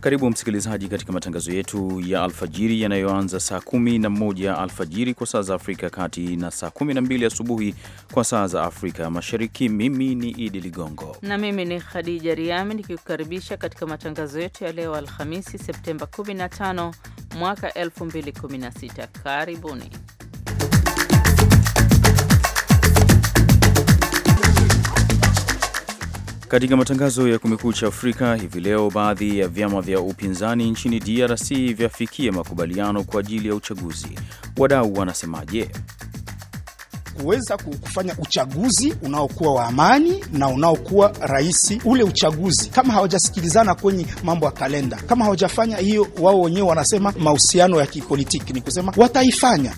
Karibu msikilizaji katika matangazo yetu ya alfajiri yanayoanza saa kumi na moja alfajiri kwa saa za Afrika kati na saa kumi na mbili asubuhi kwa saa za Afrika Mashariki. Mimi ni Idi Ligongo na mimi ni Khadija Riami nikikukaribisha katika matangazo yetu ya leo Alhamisi, Septemba 15 mwaka 2016. Karibuni. Katika matangazo ya Kumekucha Afrika hivi leo, baadhi ya vyama vya upinzani nchini DRC vyafikia makubaliano kwa ajili ya uchaguzi. Wadau wanasemaje? kuweza kufanya uchaguzi unaokuwa wa amani na unaokuwa rahisi. Ule uchaguzi kama hawajasikilizana kwenye mambo ya kalenda, kama hawajafanya hiyo, wao wenyewe wanasema mahusiano ya kipolitiki, ni kusema wataifanya.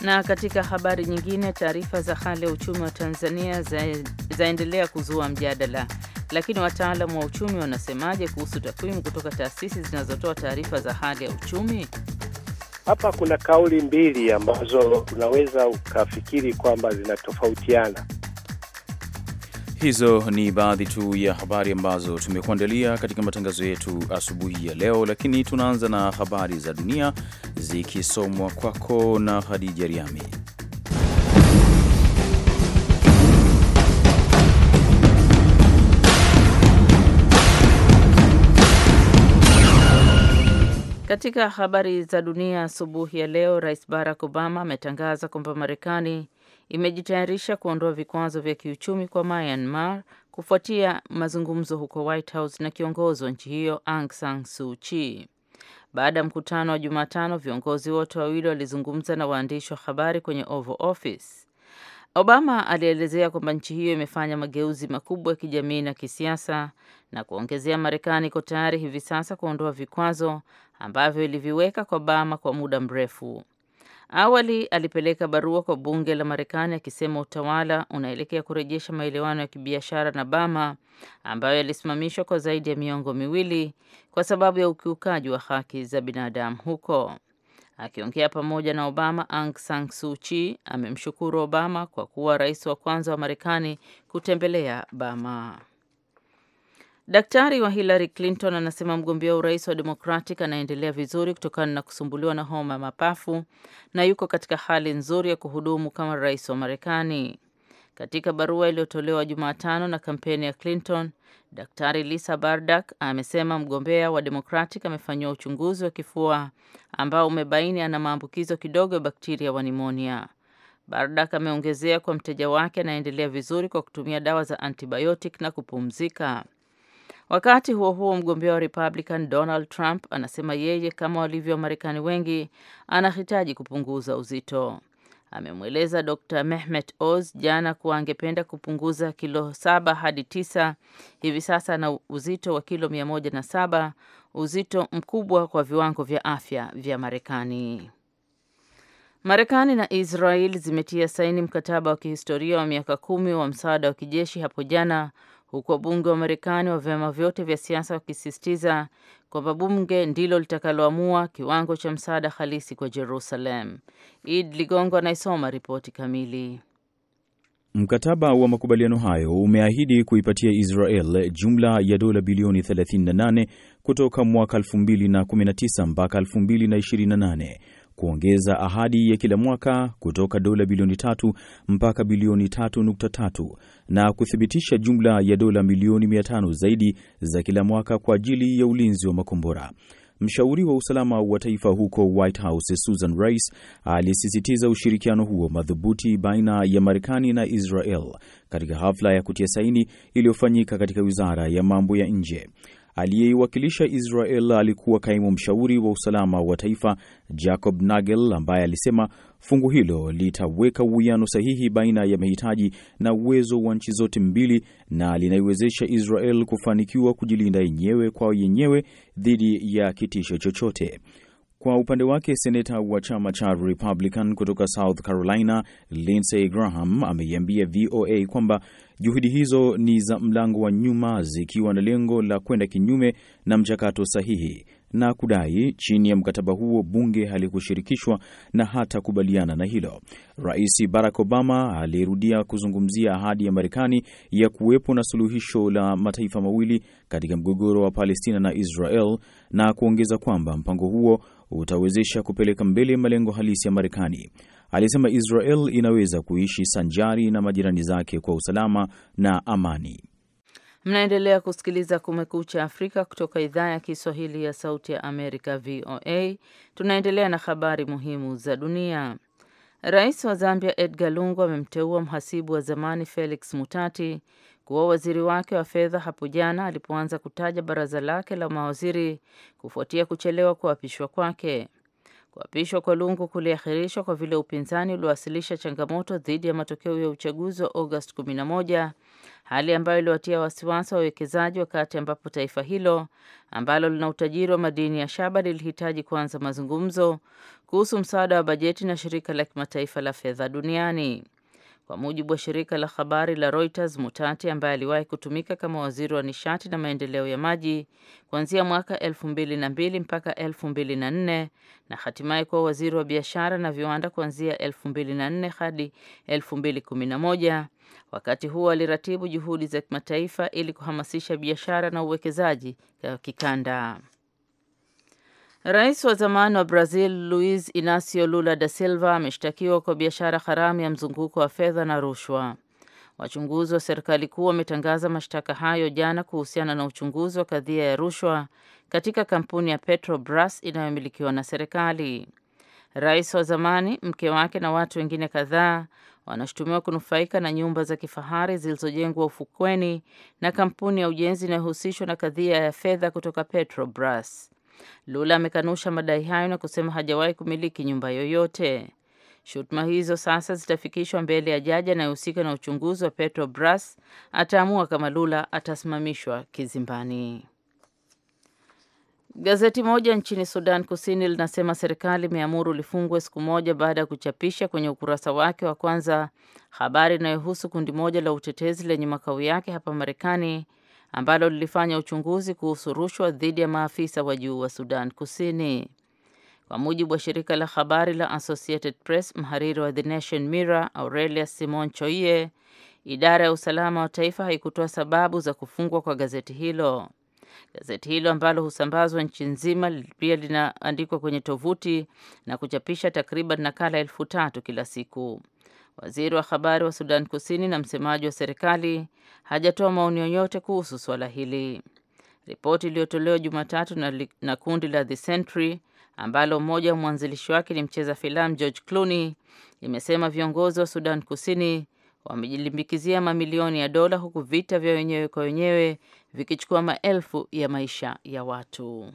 Na katika habari nyingine, taarifa za hali ya uchumi wa Tanzania za zaendelea kuzua mjadala, lakini wataalamu wa uchumi wanasemaje kuhusu takwimu kutoka taasisi zinazotoa taarifa za hali ya uchumi? Hapa kuna kauli mbili ambazo unaweza ukafikiri kwamba zinatofautiana. Hizo ni baadhi tu ya habari ambazo tumekuandalia katika matangazo yetu asubuhi ya leo, lakini tunaanza na habari za dunia zikisomwa kwako na Hadija Riami. Katika habari za dunia asubuhi ya leo, Rais Barack Obama ametangaza kwamba Marekani imejitayarisha kuondoa vikwazo vya kiuchumi kwa Myanmar kufuatia mazungumzo huko White House na kiongozi wa nchi hiyo Aung San Suu Kyi. Baada ya mkutano wa Jumatano, viongozi wote wawili walizungumza na waandishi wa habari kwenye Oval Office. Obama alielezea kwamba nchi hiyo imefanya mageuzi makubwa ya kijamii na kisiasa na kuongezea Marekani iko tayari hivi sasa kuondoa vikwazo ambavyo iliviweka kwa Obama kwa muda mrefu. Awali alipeleka barua kwa bunge la Marekani akisema utawala unaelekea kurejesha maelewano ya kibiashara na bama ambayo yalisimamishwa kwa zaidi ya miongo miwili kwa sababu ya ukiukaji wa haki za binadamu huko. Akiongea pamoja na Obama, Aung San Suu Kyi amemshukuru Obama kwa kuwa rais wa kwanza wa Marekani kutembelea bama Daktari wa Hillary Clinton anasema mgombea wa urais wa Democratic anaendelea vizuri kutokana na kusumbuliwa na homa ya mapafu na yuko katika hali nzuri ya kuhudumu kama rais wa Marekani. Katika barua iliyotolewa Jumatano na kampeni ya Clinton, Daktari Lisa Bardak amesema mgombea wa Democratic amefanyiwa uchunguzi wa kifua ambao umebaini ana maambukizo kidogo ya bakteria wa nimonia. Bardak ameongezea kwa mteja wake anaendelea vizuri kwa kutumia dawa za antibiotic na kupumzika. Wakati huo huo, mgombea wa Republican Donald Trump anasema yeye kama walivyo Wamarekani wengi anahitaji kupunguza uzito. Amemweleza Dr. Mehmet Oz jana kuwa angependa kupunguza kilo saba hadi tisa. Hivi sasa ana uzito wa kilo mia moja na saba, uzito mkubwa kwa viwango vya afya vya Marekani. Marekani na Israel zimetia saini mkataba wa kihistoria wa miaka kumi wa msaada wa kijeshi hapo jana, huku wabunge wa Marekani wa vyama vyote vya siasa wakisisitiza kwamba bunge ndilo litakaloamua kiwango cha msaada halisi kwa Jerusalem. Id Ligongo anaisoma ripoti kamili. Mkataba wa makubaliano hayo umeahidi kuipatia Israel jumla ya dola bilioni 38 kutoka mwaka 2019 mpaka 2028 kuongeza ahadi ya kila mwaka kutoka dola bilioni tatu mpaka bilioni tatu nukta tatu na kuthibitisha jumla ya dola milioni mia tano zaidi za kila mwaka kwa ajili ya ulinzi wa makombora. Mshauri wa usalama wa taifa huko White House Susan Rice alisisitiza ushirikiano huo madhubuti baina ya Marekani na Israel katika hafla ya kutia saini iliyofanyika katika wizara ya mambo ya nje. Aliyeiwakilisha Israel alikuwa kaimu mshauri wa usalama wa taifa Jacob Nagel, ambaye alisema fungu hilo litaweka uwiano sahihi baina ya mahitaji na uwezo wa nchi zote mbili na linaiwezesha Israel kufanikiwa kujilinda yenyewe kwa yenyewe dhidi ya kitisho chochote. Kwa upande wake seneta wa chama cha Republican kutoka South Carolina, Lindsey Graham ameiambia VOA kwamba juhudi hizo ni za mlango wa nyuma, zikiwa na lengo la kwenda kinyume na mchakato sahihi, na kudai chini ya mkataba huo bunge halikushirikishwa na hata kubaliana na hilo. Rais Barack Obama alirudia kuzungumzia ahadi ya Marekani ya kuwepo na suluhisho la mataifa mawili katika mgogoro wa Palestina na Israel na kuongeza kwamba mpango huo utawezesha kupeleka mbele malengo halisi ya Marekani. Alisema Israel inaweza kuishi sanjari na majirani zake kwa usalama na amani. Mnaendelea kusikiliza Kumekucha Afrika kutoka idhaa ya Kiswahili ya Sauti ya Amerika, VOA. Tunaendelea na habari muhimu za dunia. Rais wa Zambia Edgar Lungu amemteua mhasibu wa zamani Felix Mutati kuwa waziri wake wa fedha hapo jana alipoanza kutaja baraza lake la mawaziri kufuatia kuchelewa kuapishwa kwake. Kuapishwa kwa Lungu kuliahirishwa kwa vile upinzani uliwasilisha changamoto dhidi ya matokeo ya uchaguzi wa Agosti 11, hali ambayo iliwatia wasiwasi wa wawekezaji, wakati ambapo taifa hilo ambalo lina utajiri wa madini ya shaba lilihitaji kuanza mazungumzo kuhusu msaada wa bajeti na shirika la kimataifa la fedha duniani. Kwa mujibu wa shirika la habari la Reuters, Mutati ambaye aliwahi kutumika kama waziri wa nishati na maendeleo ya maji kuanzia mwaka 2002 mpaka 2004 na hatimaye kuwa waziri wa biashara na viwanda kuanzia 2004 hadi 2011. Wakati huo aliratibu juhudi za kimataifa ili kuhamasisha biashara na uwekezaji wa kikanda. Rais wa zamani wa Brazil Luiz Inacio Lula da Silva ameshtakiwa kwa biashara haramu ya mzunguko wa fedha na rushwa. Wachunguzi wa serikali kuu wametangaza mashtaka hayo jana kuhusiana na uchunguzi wa kadhia ya rushwa katika kampuni ya Petrobras inayomilikiwa na serikali. Rais wa zamani, mke wake na watu wengine kadhaa wanashutumiwa kunufaika na nyumba za kifahari zilizojengwa ufukweni na kampuni ya ujenzi inayohusishwa na kadhia ya fedha kutoka Petrobras. Lula amekanusha madai hayo na kusema hajawahi kumiliki nyumba yoyote. Shutuma hizo sasa zitafikishwa mbele ya jaji anayehusika na uchunguzi wa Petrobras. Ataamua kama Lula atasimamishwa kizimbani. Gazeti moja nchini Sudan Kusini linasema serikali imeamuru lifungwe siku moja baada ya kuchapisha kwenye ukurasa wake wa kwanza habari inayohusu kundi moja la utetezi lenye makao yake hapa Marekani ambalo lilifanya uchunguzi kuhusu rushwa dhidi ya maafisa wa juu wa Sudan Kusini. Kwa mujibu wa shirika la habari la Associated Press, mhariri wa The Nation Mirror Aurelia Simon choie idara ya usalama wa taifa haikutoa sababu za kufungwa kwa gazeti hilo. Gazeti hilo ambalo husambazwa nchi nzima pia linaandikwa kwenye tovuti na kuchapisha takriban nakala elfu tatu kila siku. Waziri wa habari wa Sudan Kusini na msemaji wa serikali hajatoa maoni yoyote kuhusu swala hili. Ripoti iliyotolewa Jumatatu na, na kundi la The Sentry ambalo mmoja wa mwanzilishi wake ni mcheza filamu George Clooney imesema viongozi wa Sudan Kusini wamejilimbikizia mamilioni ya dola huku vita vya wenyewe kwa wenyewe vikichukua maelfu ya maisha ya watu.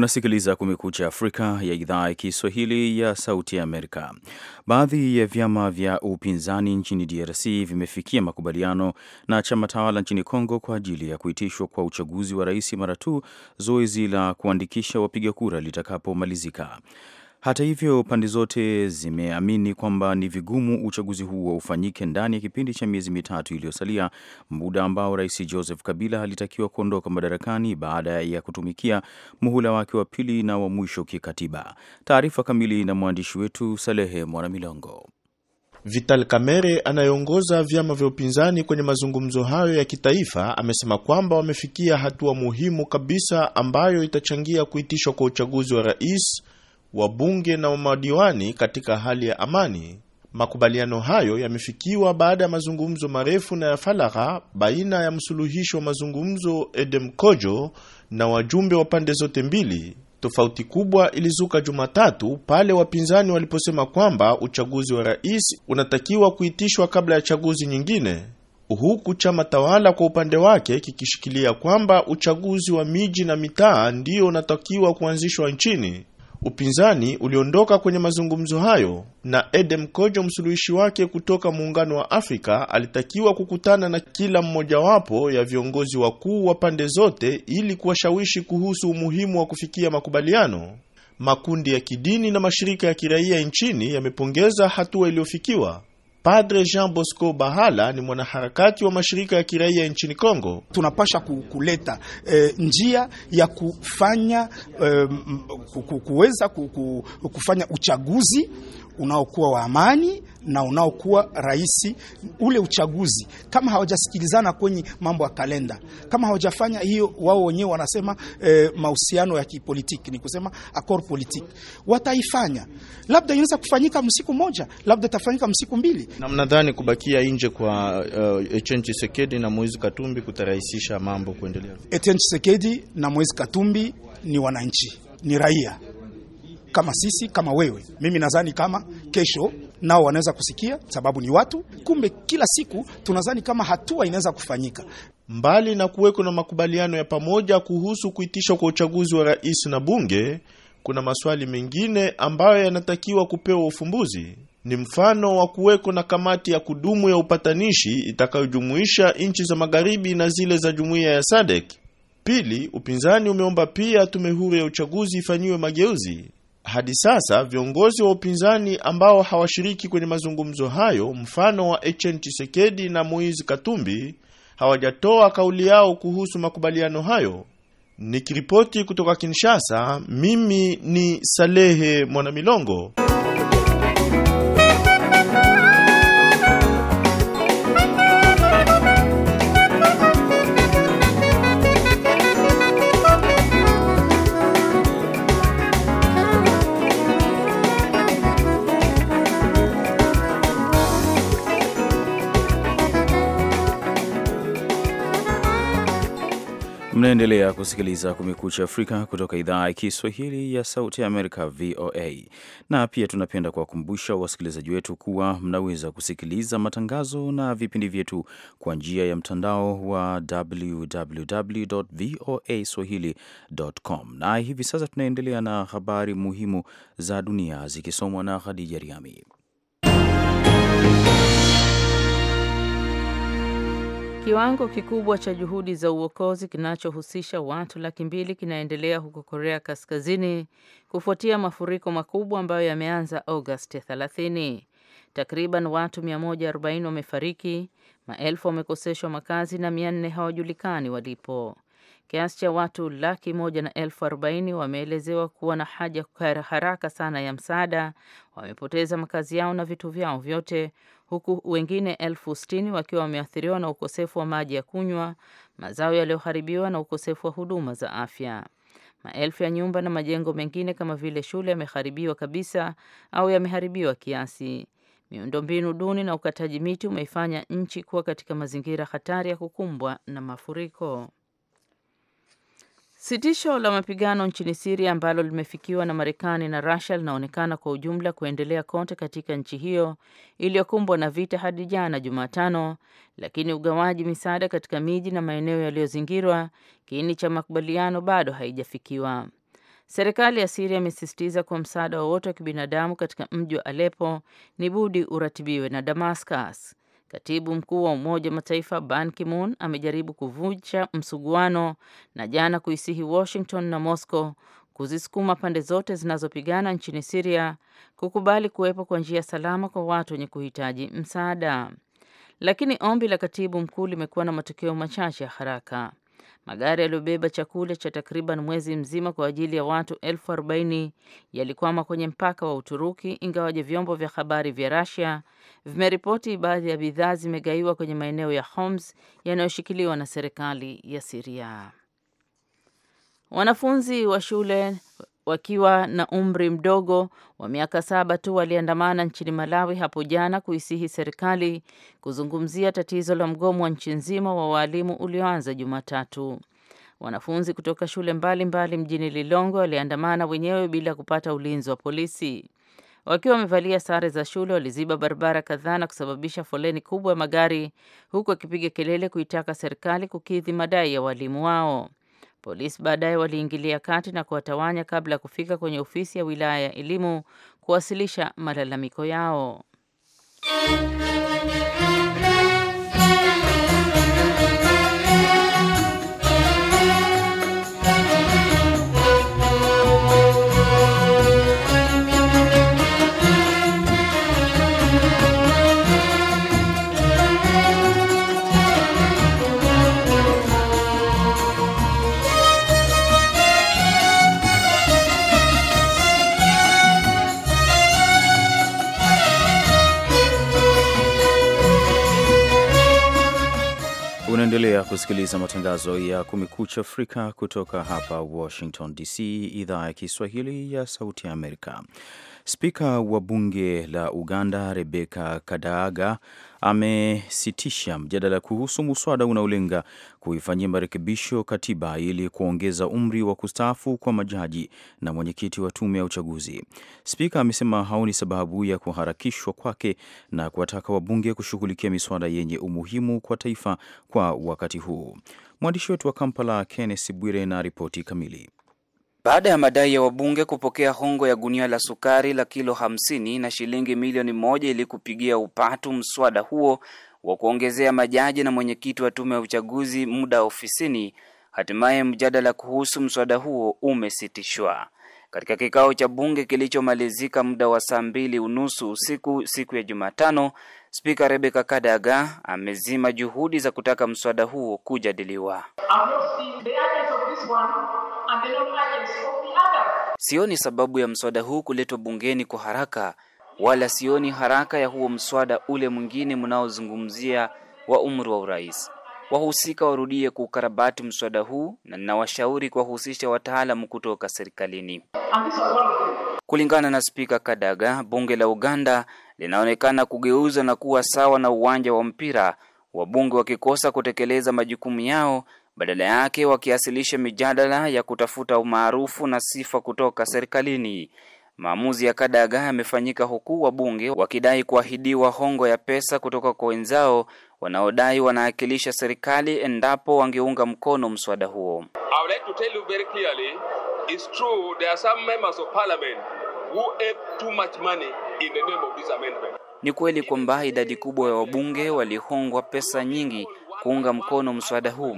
Unasikiliza Kumekucha Afrika ya idhaa ya Kiswahili ya Sauti ya Amerika. Baadhi ya vyama vya upinzani nchini DRC vimefikia makubaliano na chama tawala nchini Kongo kwa ajili ya kuitishwa kwa uchaguzi wa rais mara tu zoezi la kuandikisha wapiga kura litakapomalizika. Hata hivyo, pande zote zimeamini kwamba ni vigumu uchaguzi huo ufanyike ndani ya kipindi cha miezi mitatu iliyosalia, muda ambao Rais Joseph Kabila alitakiwa kuondoka madarakani baada ya kutumikia muhula wake wa pili na wa mwisho kikatiba. Taarifa kamili na mwandishi wetu Salehe Mwanamilongo. Vital Kamerhe anayeongoza vyama vya upinzani kwenye mazungumzo hayo ya kitaifa amesema kwamba wamefikia hatua muhimu kabisa ambayo itachangia kuitishwa kwa uchaguzi wa rais wabunge na madiwani katika hali ya amani. Makubaliano hayo yamefikiwa baada ya mazungumzo marefu na ya falagha baina ya msuluhishi wa mazungumzo Edem Kojo na wajumbe wa pande zote mbili. Tofauti kubwa ilizuka Jumatatu pale wapinzani waliposema kwamba uchaguzi wa rais unatakiwa kuitishwa kabla ya chaguzi nyingine, huku chama tawala kwa upande wake kikishikilia kwamba uchaguzi wa miji na mitaa ndio unatakiwa kuanzishwa nchini. Upinzani uliondoka kwenye mazungumzo hayo na Edem Kojo, msuluhishi wake kutoka Muungano wa Afrika, alitakiwa kukutana na kila mmojawapo ya viongozi wakuu wa pande zote ili kuwashawishi kuhusu umuhimu wa kufikia makubaliano. Makundi ya kidini na mashirika ya kiraia nchini yamepongeza hatua iliyofikiwa Padre Jean Bosco Bahala ni mwanaharakati wa mashirika ya kiraia nchini Kongo. Tunapasha kuleta e, njia ya kufanya e, kuweza kufanya uchaguzi unaokuwa wa amani na unaokuwa rahisi. Ule uchaguzi kama hawajasikilizana kwenye mambo ya kalenda, kama hawajafanya hiyo, wao wenyewe wanasema e, mahusiano ya kipolitiki, ni kusema akor politiki, wataifanya labda inaweza kufanyika msiku moja, labda itafanyika msiku mbili na mnadhani kubakia nje kwa uh, Etienne Tshisekedi na Moise Katumbi kutarahisisha mambo kuendelea? Etienne Tshisekedi na Moise Katumbi ni wananchi, ni raia kama sisi, kama wewe, mimi. Nadhani kama kesho nao wanaweza kusikia, sababu ni watu. Kumbe kila siku tunadhani kama hatua inaweza kufanyika. Mbali na kuweko na makubaliano ya pamoja kuhusu kuitishwa kwa uchaguzi wa rais na bunge, kuna maswali mengine ambayo yanatakiwa kupewa ufumbuzi ni mfano wa kuweko na kamati ya kudumu ya upatanishi itakayojumuisha nchi za magharibi na zile za jumuiya ya SADC. Pili, upinzani umeomba pia tume huru ya uchaguzi ifanyiwe mageuzi. Hadi sasa viongozi wa upinzani ambao hawashiriki kwenye mazungumzo hayo, mfano wa Etienne Tshisekedi na Moise Katumbi, hawajatoa kauli yao kuhusu makubaliano hayo. Nikiripoti kutoka Kinshasa, mimi ni Salehe Mwanamilongo. Mnaendelea kusikiliza Kumekucha Afrika kutoka idhaa ya Kiswahili ya Sauti ya Amerika, VOA. Na pia tunapenda kuwakumbusha wasikilizaji wetu kuwa mnaweza kusikiliza matangazo na vipindi vyetu kwa njia ya mtandao wa www voa swahili.com. Na hivi sasa tunaendelea na habari muhimu za dunia zikisomwa na Khadija Riami. Kiwango kikubwa cha juhudi za uokozi kinachohusisha watu laki mbili kinaendelea huko Korea Kaskazini kufuatia mafuriko makubwa ambayo yameanza Agosti 30. Takriban watu 140 wamefariki, maelfu wamekoseshwa makazi na 400 hawajulikani walipo. Kiasi cha watu laki moja na elfu arobaini wameelezewa kuwa na haja haraka sana ya msaada. Wamepoteza makazi yao na vitu vyao vyote huku wengine elfu sitini wakiwa wameathiriwa na ukosefu wa maji ya kunywa, mazao yaliyoharibiwa na ukosefu wa huduma za afya. Maelfu ya nyumba na majengo mengine kama vile shule yameharibiwa kabisa au yameharibiwa kiasi. Miundombinu duni na ukataji miti umeifanya nchi kuwa katika mazingira hatari ya kukumbwa na mafuriko. Sitisho la mapigano nchini Siria ambalo limefikiwa na Marekani na Russia linaonekana kwa ujumla kuendelea kote katika nchi hiyo iliyokumbwa na vita hadi jana Jumatano, lakini ugawaji misaada katika miji na maeneo yaliyozingirwa kiini cha makubaliano bado haijafikiwa. Serikali ya Siria imesisitiza kuwa msaada wowote wa kibinadamu katika mji wa alepo ni budi uratibiwe na Damascus. Katibu mkuu wa Umoja wa Mataifa Ban Ki-moon amejaribu kuvunja msuguano na jana kuisihi Washington na Moscow kuzisukuma pande zote zinazopigana nchini siria kukubali kuwepo kwa njia salama kwa watu wenye kuhitaji msaada. Lakini ombi la katibu mkuu limekuwa na matokeo machache ya haraka. Magari yaliyobeba chakula cha takriban mwezi mzima kwa ajili ya watu elfu arobaini yalikwama kwenye mpaka wa Uturuki, ingawaje vyombo vya habari vya Russia vimeripoti baadhi ya bidhaa zimegaiwa kwenye maeneo ya Homs yanayoshikiliwa na serikali ya Syria. Wanafunzi wa shule wakiwa na umri mdogo wa miaka saba tu waliandamana nchini Malawi hapo jana kuisihi serikali kuzungumzia tatizo la mgomo wa nchi nzima wa waalimu ulioanza Jumatatu. Wanafunzi kutoka shule mbalimbali mbali mjini Lilongwe waliandamana wenyewe bila kupata ulinzi wa polisi. Wakiwa wamevalia sare za shule, waliziba barabara kadhaa na kusababisha foleni kubwa ya magari, huku wakipiga kelele kuitaka serikali kukidhi madai ya walimu wao. Polisi baadaye waliingilia kati na kuwatawanya kabla ya kufika kwenye ofisi ya wilaya ya elimu kuwasilisha malalamiko yao. unasikiliza matangazo ya Kumekucha Afrika kutoka hapa Washington DC, idhaa ya Kiswahili ya Sauti ya Amerika. Spika wa bunge la Uganda Rebeka Kadaga amesitisha mjadala kuhusu muswada unaolenga kuifanyia marekebisho katiba ili kuongeza umri wa kustaafu kwa majaji na mwenyekiti wa tume ya uchaguzi. Spika amesema haoni sababu ya kuharakishwa kwake na kuwataka wabunge kushughulikia miswada yenye umuhimu kwa taifa kwa wakati huu. Mwandishi wetu wa Kampala, Kenneth Bwire, na ripoti kamili. Baada ya madai ya wabunge kupokea hongo ya gunia la sukari la kilo hamsini na shilingi milioni moja ili kupigia upatu mswada huo wa kuongezea majaji na mwenyekiti wa tume ya uchaguzi muda ofisini, hatimaye mjadala kuhusu mswada huo umesitishwa. Katika kikao cha bunge kilichomalizika muda wa saa mbili unusu usiku siku ya Jumatano, Spika Rebecca Kadaga amezima juhudi za kutaka mswada huo kujadiliwa. Sioni sababu ya mswada huu kuletwa bungeni kwa haraka, wala sioni haraka ya huo mswada ule mwingine mnaozungumzia wa umri wa urais. Wahusika warudie kuukarabati mswada huu, na ninawashauri kuwahusisha wataalamu kutoka serikalini. Kulingana na Spika Kadaga, bunge la Uganda linaonekana kugeuza na kuwa sawa na uwanja wa mpira, wabunge wakikosa kutekeleza majukumu yao badala yake wakiasilisha mijadala ya kutafuta umaarufu na sifa kutoka serikalini. Maamuzi ya Kadaga yamefanyika huku wabunge wakidai kuahidiwa hongo ya pesa kutoka kwa wenzao wanaodai wanaakilisha serikali endapo wangeunga mkono mswada huo. Ni kweli kwamba idadi kubwa ya wabunge walihongwa pesa nyingi kuunga mkono mswada huu.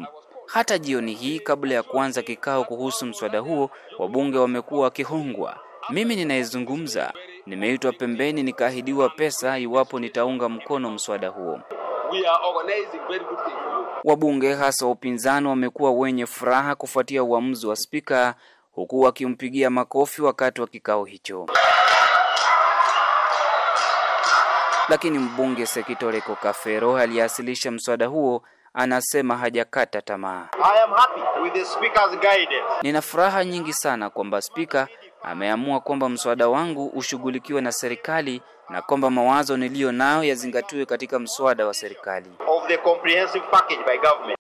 Hata jioni hii kabla ya kuanza kikao kuhusu mswada huo, wabunge wamekuwa wakihongwa. Mimi ninayezungumza nimeitwa pembeni nikaahidiwa pesa iwapo nitaunga mkono mswada huo. Wabunge hasa upinzani wamekuwa wenye furaha kufuatia uamuzi wa spika, huku wakimpigia makofi wakati wa kikao hicho. Lakini mbunge Sekitoreko kafero aliyeasilisha mswada huo anasema hajakata tamaa. Nina furaha nyingi sana kwamba spika ameamua kwamba mswada wangu ushughulikiwe na serikali na kwamba mawazo niliyo nayo yazingatiwe katika mswada wa serikali.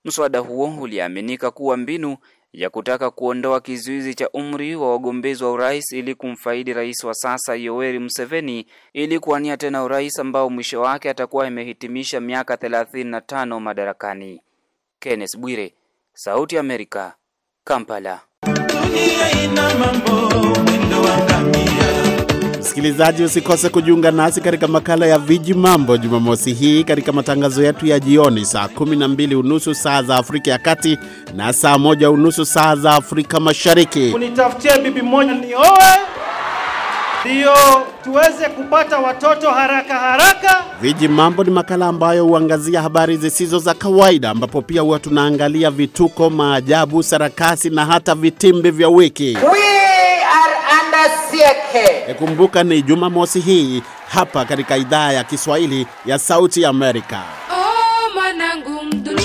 Mswada huo uliaminika kuwa mbinu ya kutaka kuondoa kizuizi cha umri wa wagombezi wa urais ili kumfaidi rais wa sasa Yoweri Museveni ili kuwania tena urais ambao mwisho wake atakuwa imehitimisha miaka 35 madarakani. Kenneth Bwire, Sauti Amerika, Kampala. Dunia ina mambo, mwendo wa ngamia. Msikilizaji, usikose kujiunga nasi katika makala ya Viji Mambo Jumamosi hii katika matangazo yetu ya jioni saa 12 unusu saa za Afrika ya Kati na saa moja unusu saa za Afrika Mashariki. Unitafutie bibi moja nioe, ndio tuweze kupata watoto haraka haraka. Viji Mambo ni makala ambayo huangazia habari zisizo za kawaida, ambapo pia huwa tunaangalia vituko, maajabu, sarakasi na hata vitimbi vya wiki. E, kumbuka ni Jumamosi hii hapa katika idhaa ya Kiswahili ya Sauti Amerika. Oh, mwanangu mduni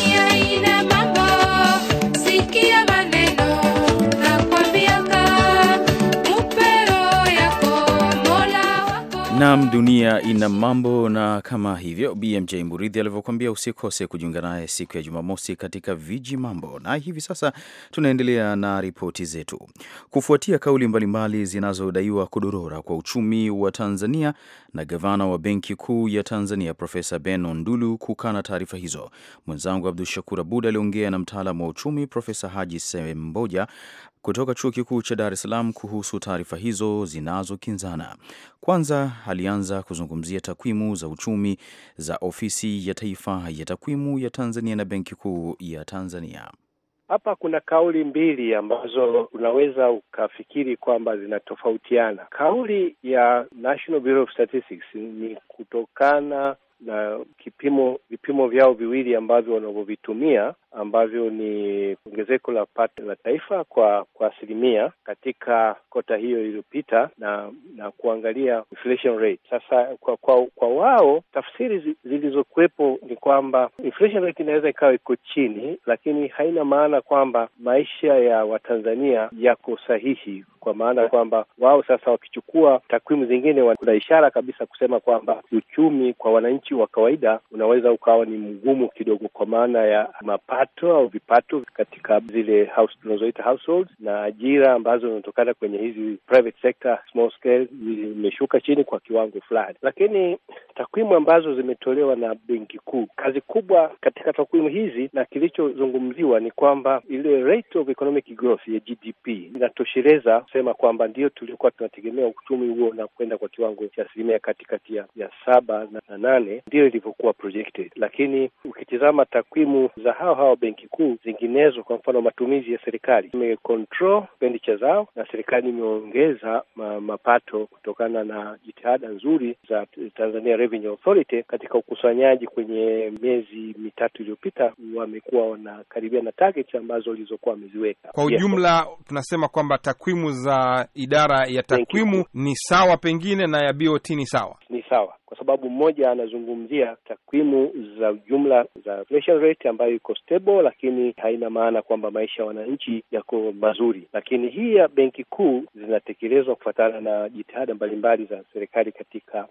Nam, dunia ina mambo, na kama hivyo BMJ Muridhi alivyokuambia, usikose kujiunga naye siku ya Jumamosi katika viji mambo. Na hivi sasa tunaendelea na ripoti zetu. Kufuatia kauli mbalimbali zinazodaiwa kudorora kwa uchumi wa Tanzania na gavana wa Benki Kuu ya Tanzania Profesa Ben Ondulu kukana taarifa hizo. Mwenzangu Abdu Shakur Abud aliongea na mtaalamu wa uchumi Profesa Haji Semboja kutoka Chuo Kikuu cha Dar es Salaam kuhusu taarifa hizo zinazokinzana. Kwanza alianza kuzungumzia takwimu za uchumi za Ofisi ya Taifa ya Takwimu ya Tanzania na Benki Kuu ya Tanzania. Hapa kuna kauli mbili ambazo unaweza ukafikiri kwamba zinatofautiana. Kauli ya National Bureau of Statistics ni kutokana na kipimo vipimo vyao viwili ambavyo wanavyovitumia ambavyo ni ongezeko la pato la taifa kwa kwa asilimia katika kota hiyo iliyopita na na kuangalia inflation rate. Sasa kwa kwa, kwa wao tafsiri zilizokuwepo ni kwamba inflation rate inaweza ikawa iko chini, lakini haina maana kwamba maisha ya Watanzania yako sahihi, kwa maana kwamba wao sasa wakichukua takwimu zingine, kuna ishara kabisa kusema kwamba uchumi kwa wananchi wananchi wa kawaida unaweza ukawa ni mgumu kidogo, kwa maana ya mapato au vipato katika zile house tunazoita households, na ajira ambazo zinatokana kwenye hizi private sector small scale zimeshuka chini kwa kiwango fulani, lakini takwimu ambazo zimetolewa na Benki Kuu, kazi kubwa katika takwimu hizi na kilichozungumziwa ni kwamba ile rate of economic growth ya GDP inatosheleza kusema kwamba ndio tuliokuwa tunategemea uchumi huo na kwenda kwa kiwango cha asilimia katikati ya saba na nane ndio ndiyo ilivyokuwa projected, lakini ukitizama takwimu za hao hao benki kuu zinginezo, kwa mfano matumizi ya serikali imecontrol expenditure zao, na serikali imeongeza mapato kutokana na jitihada nzuri za Tanzania Revenue Authority katika ukusanyaji. Kwenye miezi mitatu iliyopita wamekuwa wanakaribia na targets ambazo walizokuwa wameziweka. Kwa ujumla, yes, tunasema kwamba takwimu za idara ya takwimu ni sawa, pengine na ya BOT ni sawa, ni sawa kwa sababu mmoja anazungumzia takwimu za jumla za inflation rate ambayo iko stable, lakini haina maana kwamba maisha ya wananchi yako mazuri. Lakini hii ya benki kuu zinatekelezwa kufuatana na jitihada mbalimbali za serikali katika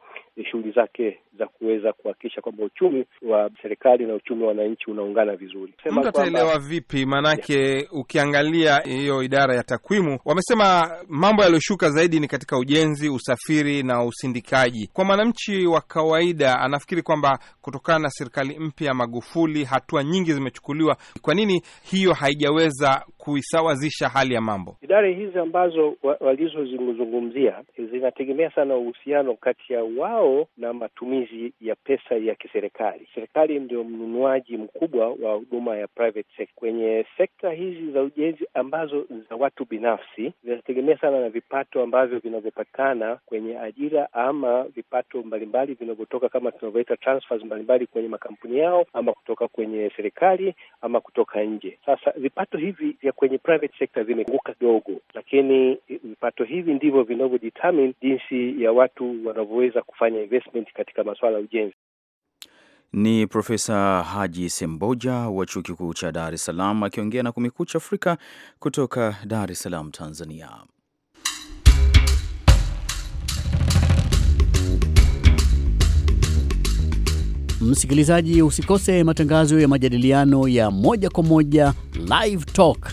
shughuli zake za kuweza kuhakikisha kwamba uchumi wa serikali na uchumi wa wananchi unaungana vizuri. Mtu ataelewa vipi? Maanake yeah. Ukiangalia eh, hiyo idara ya takwimu wamesema mambo yaliyoshuka zaidi ni katika ujenzi, usafiri na usindikaji. Kwa mwananchi wa kawaida anafikiri kwamba kutokana na serikali mpya Magufuli, hatua nyingi zimechukuliwa. Kwa nini hiyo haijaweza kuisawazisha hali ya mambo? Idara hizi ambazo walizozungumzia zinategemea sana uhusiano kati ya wao na matumizi ya pesa ya kiserikali. Serikali ndio mnunuaji mkubwa wa huduma ya private sector. Kwenye sekta hizi za ujenzi ambazo za watu binafsi zinategemea sana na vipato ambavyo vinavyopatikana kwenye ajira ama vipato mbalimbali vinavyotoka kama tunavyoita transfers mbalimbali kwenye makampuni yao ama kutoka kwenye serikali ama kutoka nje. Sasa vipato hivi vya kwenye private sector zimeanguka kidogo, lakini vipato hivi ndivyo vinavyodetermine jinsi ya watu wanavyoweza kufanya investment katika masuala ya ujenzi. Ni Profesa Haji Semboja wa Chuo Kikuu cha Dar es Salaam akiongea na Kumekucha Afrika kutoka Dar es Salaam, Tanzania. Msikilizaji, usikose matangazo ya majadiliano ya moja kwa moja Live Talk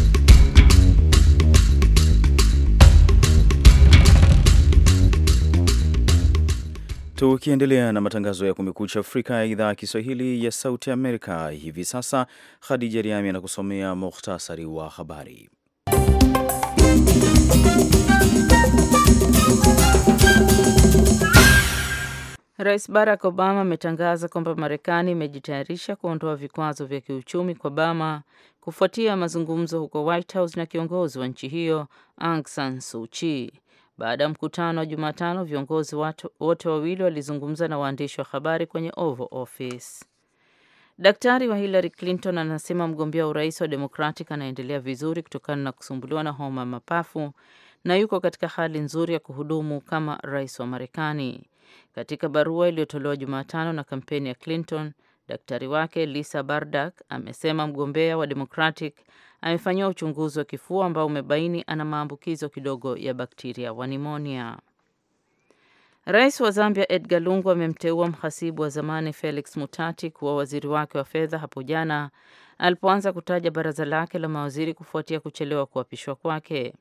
Tukiendelea na matangazo ya Kumekucha Afrika ya idhaa ya Kiswahili ya Sauti Amerika, hivi sasa Khadija Riami anakusomea muhtasari wa habari. Rais Barack Obama ametangaza kwamba Marekani imejitayarisha kuondoa vikwazo vya kiuchumi kwa Bama kufuatia mazungumzo huko White House na kiongozi wa nchi hiyo Aung San Suu Kyi. Baada ya mkutano wa Jumatano, viongozi wote wawili walizungumza na waandishi wa habari kwenye Oval Office. Daktari wa Hillary Clinton anasema mgombea wa urais wa Democratic anaendelea vizuri kutokana na kusumbuliwa na homa ya mapafu na yuko katika hali nzuri ya kuhudumu kama rais wa Marekani. Katika barua iliyotolewa Jumatano na kampeni ya Clinton, daktari wake Lisa Bardak amesema mgombea wa Democratic amefanyiwa uchunguzi wa kifua ambao umebaini ana maambukizo kidogo ya bakteria wa nimonia. Rais wa Zambia Edgar Lungu amemteua mhasibu wa zamani Felix Mutati kuwa waziri wake wa fedha hapo jana alipoanza kutaja baraza lake la mawaziri kufuatia kuchelewa kuapishwa kwake.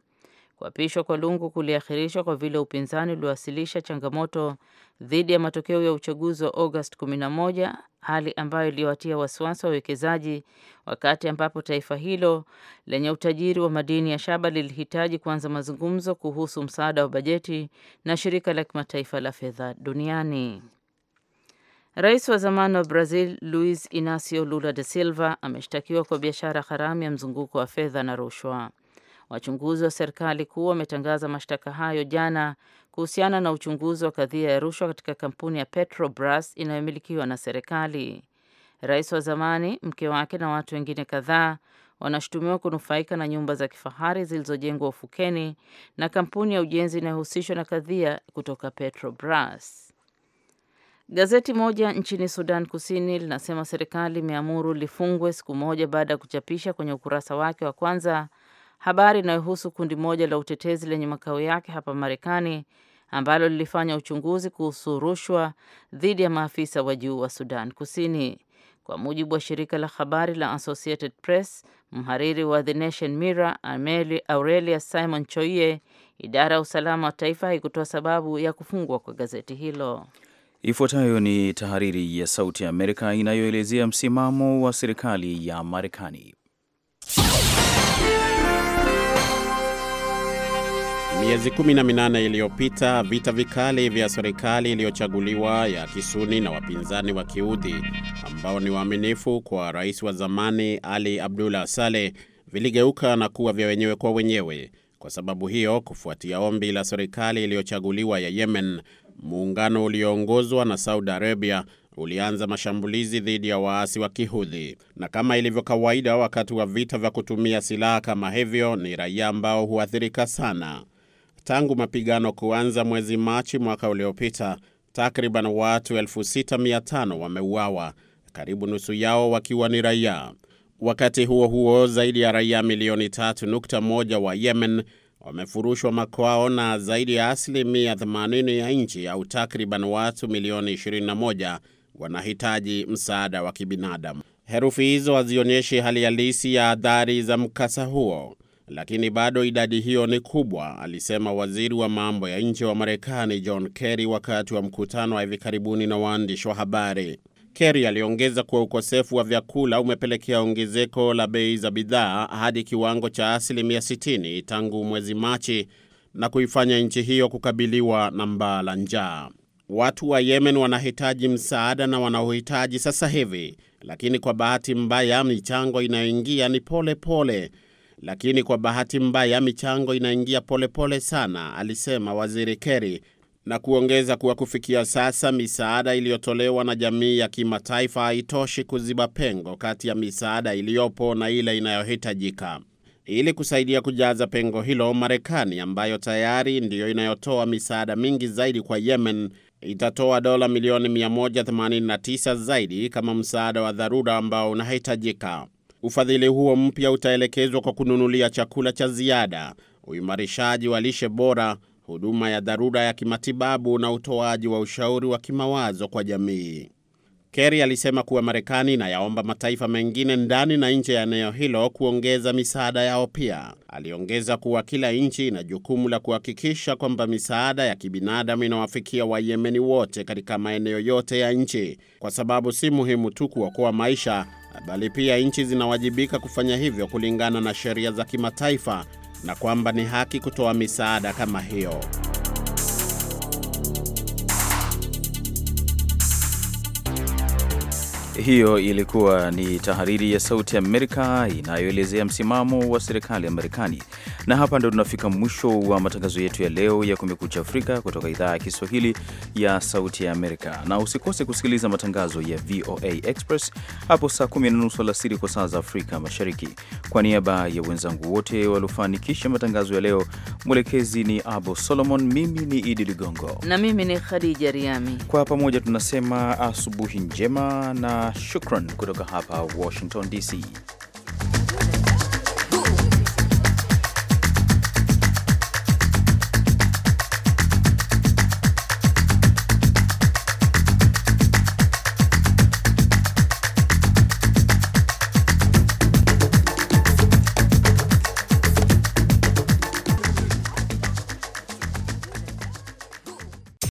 Kuapishwa kwa Lungu kuliahirishwa kwa vile upinzani uliwasilisha changamoto dhidi ya matokeo ya uchaguzi wa Agosti 11, hali ambayo iliwatia wasiwasi wawekezaji wakati ambapo taifa hilo lenye utajiri wa madini ya shaba lilihitaji kuanza mazungumzo kuhusu msaada wa bajeti na shirika la kimataifa la fedha duniani. Rais wa zamani wa Brazil Luiz Inacio Lula da Silva ameshtakiwa kwa biashara haramu ya mzunguko wa fedha na rushwa. Wachunguzi wa serikali kuu wametangaza mashtaka hayo jana kuhusiana na uchunguzi wa kadhia ya rushwa katika kampuni ya Petrobras inayomilikiwa na serikali. Rais wa zamani, mke wake na watu wengine kadhaa wanashutumiwa kunufaika na nyumba za kifahari zilizojengwa ufukeni na kampuni ya ujenzi inayohusishwa na kadhia kutoka Petrobras. Gazeti moja nchini Sudan Kusini linasema serikali imeamuru lifungwe siku moja baada ya kuchapisha kwenye ukurasa wake wa kwanza habari inayohusu kundi moja la utetezi lenye makao yake hapa Marekani ambalo lilifanya uchunguzi kuhusu rushwa dhidi ya maafisa wa juu wa Sudan Kusini. Kwa mujibu wa shirika la habari la Associated Press, mhariri wa The Nation Mirror Aurelia Simon choie idara ya usalama wa taifa haikutoa sababu ya kufungwa kwa gazeti hilo. Ifuatayo ni tahariri ya Sauti ya Amerika inayoelezea msimamo wa serikali ya Marekani. Miezi 18 iliyopita vita vikali vya serikali iliyochaguliwa ya Kisuni na wapinzani wa Kiudhi ambao ni waaminifu kwa rais wa zamani Ali Abdullah Saleh viligeuka na kuwa vya wenyewe kwa wenyewe. Kwa sababu hiyo, kufuatia ombi la serikali iliyochaguliwa ya Yemen, muungano ulioongozwa na Saudi Arabia ulianza mashambulizi dhidi ya waasi wa Kihudhi. Na kama ilivyo kawaida wakati wa vita vya kutumia silaha kama hivyo, ni raia ambao huathirika sana. Tangu mapigano kuanza mwezi Machi mwaka uliopita, takriban watu 6500 wameuawa, karibu nusu yao wakiwa ni raia. Wakati huo huo, zaidi ya raia milioni 3.1 wa Yemen wamefurushwa makwao na zaidi ya asilimia 80 ya nchi au takriban watu milioni 21 wanahitaji msaada wa kibinadamu. Herufi hizo hazionyeshi hali halisi ya athari za mkasa huo lakini bado idadi hiyo ni kubwa, alisema waziri wa mambo ya nje wa Marekani John Kerry wakati wa mkutano wa hivi karibuni na waandishi wa habari. Kerry aliongeza kuwa ukosefu wa vyakula umepelekea ongezeko la bei za bidhaa hadi kiwango cha asilimia 60 tangu mwezi Machi na kuifanya nchi hiyo kukabiliwa na mbaa la njaa. Watu wa Yemen wanahitaji msaada na wanaohitaji sasa hivi, lakini kwa bahati mbaya michango inayoingia ni pole pole lakini kwa bahati mbaya michango inaingia polepole pole sana, alisema Waziri Kerry na kuongeza kuwa kufikia sasa misaada iliyotolewa na jamii ya kimataifa haitoshi kuziba pengo kati ya misaada iliyopo na ile inayohitajika. Ili kusaidia kujaza pengo hilo, Marekani ambayo tayari ndiyo inayotoa misaada mingi zaidi kwa Yemen itatoa dola milioni 189 zaidi kama msaada wa dharura ambao unahitajika. Ufadhili huo mpya utaelekezwa kwa kununulia chakula cha ziada, uimarishaji wa lishe bora, huduma ya dharura ya kimatibabu na utoaji wa ushauri wa kimawazo kwa jamii. Kerry alisema kuwa Marekani inayaomba mataifa mengine ndani na nje ya eneo hilo kuongeza misaada yao pia. Aliongeza kuwa kila nchi ina jukumu la kuhakikisha kwamba misaada ya kibinadamu inawafikia Wayemeni wote katika maeneo yote ya nchi, kwa sababu si muhimu tu kuokoa maisha, bali pia nchi zinawajibika kufanya hivyo kulingana na sheria za kimataifa na kwamba ni haki kutoa misaada kama hiyo. Hiyo ilikuwa ni tahariri ya Sauti ya Amerika inayoelezea msimamo wa serikali ya Marekani. Na hapa ndo tunafika mwisho wa matangazo yetu ya leo ya Kumekucha Afrika kutoka idhaa ya Kiswahili ya Sauti ya Amerika, na usikose kusikiliza matangazo ya VOA Express hapo saa kumi na nusu alasiri kwa saa za Afrika Mashariki. Kwa niaba ya wenzangu wote waliofanikisha matangazo ya leo, mwelekezi ni Abo Solomon, mimi ni Idi Ligongo na mimi ni Khadija Riami, kwa pamoja tunasema asubuhi njema na shukran kutoka hapa Washington DC.